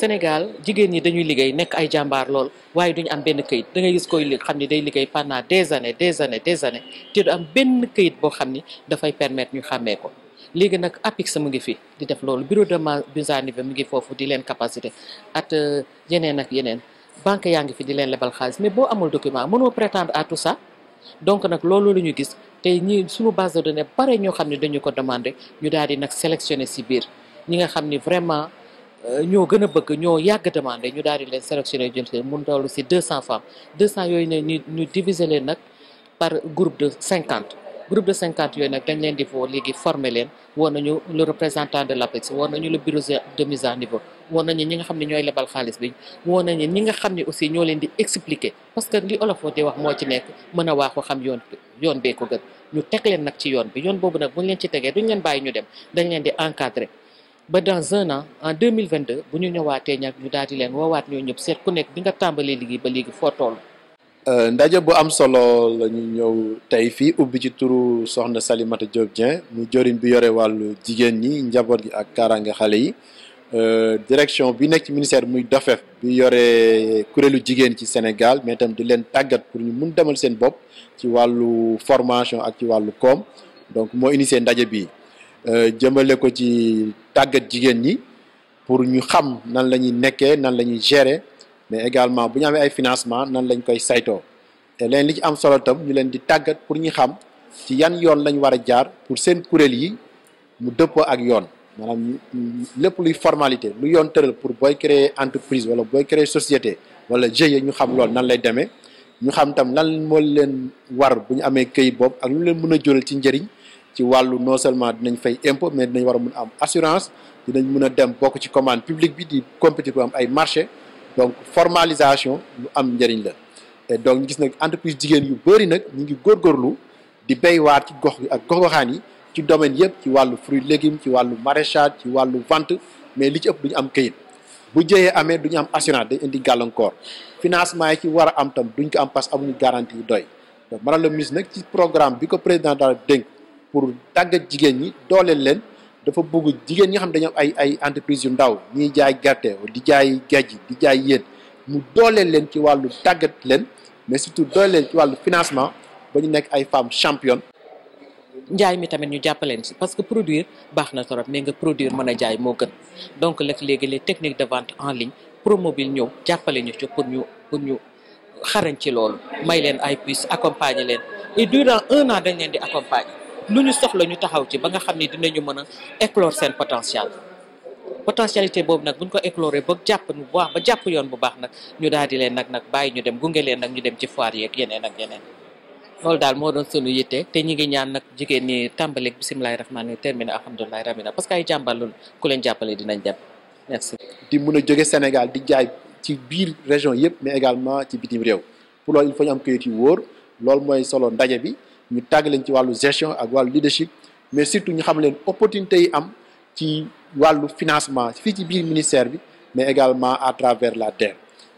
Sénégal jigéen ñi dañuy liggéey nekk ay jàmbaar lool waaye duñ am benn këyit da ngay gis koy li xam ni day liggéey pendant des années des années des années te du am benn këyit boo xam ni dafay permettre ñu xàmmee ko léegi nag APIX mu ngi di def loolu bureau de Mbuzandive mu ngi foofu di leen capacité at euh, yeneen ak yeneen banque yaa ngi fi di leen lebal xaalis mais boo amul document mënoo prétendre à tout ça donc nag loolu la ñu gis te ñi suñu base de données bare ñoo xam ne dañu ko demandé ñu daal di nag sélectionné si biir ñi nga xam ni vraiment ñoo gën a bëgg ñoo yàgg demandé ñu daal di leen sélectionné jël seen mun toll si deux cent femmes deux cent yooyu cinquante groupe de cinquante leen di foo léegi former leen woon nañu le représentant de l'APEX woon nañu le bureau de mise nga xam ne ñooy lebal xaalis bi woon nañu ñi nga xam ne aussi ñoo leen di expliquer parce que li olofoo di wax moo mën a waaxu xam yoon yoon bee ko gën ñu teg leen nag ci yoon bi yoon boobu nag buñ leen ci tegee duñ leen bàyyi ñu dem dañ leen di encadrer ba dans un an en 2022 bu ñu ñëwaatee ñag ñu daal leen woowaat ñoo ñëpp seet ku nekk bi nga tàmbalee liggéey ba léegi foo toll. Euh, ndaje bu am solo la ñëw tey fii ubbi ci turu soxna Salimata Diop Dieng mu jëriñ bi yore wàllu jigéen ñi njaboot gi ak kaaraange xale yi euh, direction bi nekk ci ministère muy dofef bi yore kuréelu jigéen ci Sénégal mais tam du leen tàggat pour ñu mun demal seen bopp ci wàllu formation ak ci wàllu koom donc moo initié ndaje bi Euh, jëmale ko ci tàggat jigéen ñi pour ñu xam nan la ñuy nekkee nan la ñuy gérer mais également bu ñu amee ay financement nan lañ koy saytoo te leen li ci am solo tam ñu leen di tàggat pour ñu xam ci yan yoon lañ war a jaar pour seen kuréel yi mu dëppoo ak yoon maanaam lépp luy formalité lu yoon tëral pour booy créer entreprise wala booy créer société wala GIE ñu xam lool nan lay demee ñu xam tam lan moo leen war bu ñu amee këyit bopp ak lu leen mën a jural ci njëriñ ci wàllu non seulement dinañ fay impôt mais dinañ war a mun a am assurance dinañ mun a dem bokk ci commande publique bi di compétir bu am ay marché donc formalisation lu am njëriñ la et donc ñu gis nag entreprise jigéen yu bëri nag ñu ngi góor góorlu di béywaar ci gox ak gox-goxaan yi ci domaine yëpp ci wàllu fruit légume ci wàllu maraîchage ci wàllu vente mais li ci ëpp du ñu am kayit bu jëyee amee du am assurance day indi gàllankoor financement yi ci war a am tam duñ ko am parce que amuñu garantie yu doy donc madame le ci programme bi ko président daal dénk pour tàggat jigéen ñi dooleel leen dafa bëgg jigéen ñi nga xam dañoo ay ay entreprise yu ndaw ñiy jaay gerte di jaay gajji di jaay yéen mu dooleel leen ci wàllu tàggat leen mais surtout dooleel ci wàllu financement ba ñu nekk ay femmes championnes. njaay mi tamit ñu jàppaleen ci parce que produire baax na torop mais nga produire mën a jaay moo gën donc nag léegi les technique de vente en ligne promobile ñëw jàppale ñu ci pour ñu pour ñu xarañ ci loolu may leen ay puces accompagner lu ñu soxla ñu taxaw ci ba nga xam ne ñu mën a éclore seen potentiel potentialité boobu nag buñ ko éclore ba jàpp bu baax ba jàpp yoon bu baax nag ñu daal di leen nag nag bàyyi ñu dem gunge leen nag ñu dem ci foire yeeg yeneen ak yeneen loolu daal moo doon sunu yitte te ñi ngi ñaan nag jigéen ñi tàmbaleeg bisimilahi rahmaani rahim terminé alhamdulilahi rabina parce que ay jàmbar loolu ku leen jàppale dinañ dem merci di mun a jóge Sénégal di jaay ci biir région yëpp mais également ci bitim réew pour ñu am këyit loolu mooy solo ndaje bi ñu tàgg leen ci wàllu gestion ak wàllu leadership mais surtout ñu xam leen opportunité yi am ci wàllu financement fii ci biir ministère bi mais également à travers la DER.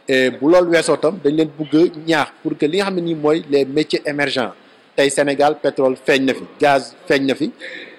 et bu loolu weesoo tam dañ leen bëgg ñaax pour que li nga xam ne nii mooy les métiers émergents tey Sénégal pétrole feeñ na fi gaz feeñ na fi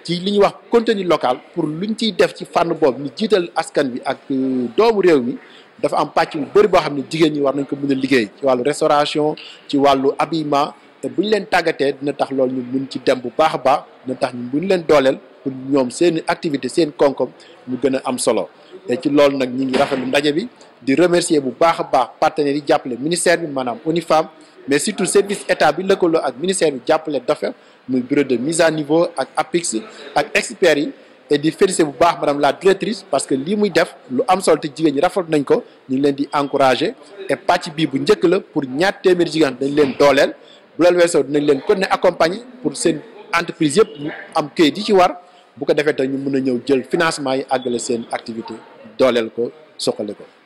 ci li ñuy wax contenu local pour ñu ciy def ci fànn boobu ñu jiital askan bi ak euh, doomu réew mi. dafa am pàcc bu bëri boo xam ne jigéen ñi war nañ ko mën a liggéey ci wàllu restauration ci wàllu habillement te bu ñu leen tàggatee dina tax lool ñu mun ci dem bu baax a baax dina tax ñu mun leen dooleel pour ñoom seen activité seen koom-koom ñu gën a am solo te ci loolu nag ñu ngi lu ndaje bi di remercier bu baax a baax partenaires yi jàppale ministère bi maanaam UNIFAM mais surtout service état bi lëkkaloo ak ministère bi jàppale dafa muy bureau de mise à niveau ak APIX ak experts yi et di féliciter bu baax madame la directrice parce que lii muy def lu am solo jigéen ñi rafetlu nañ ko ñu ngi leen di encourager pàcc bii bu njëkk la pour ñaar téeméeri jigéen dañ leen bu loolu weesoo dinañ leen kon ne accompagner pour seen entreprise yëpp am kayit yi ci war bu ko defee te ñu mën a ñëw jël financement yi àggale seen activité dooleel ko suqali ko.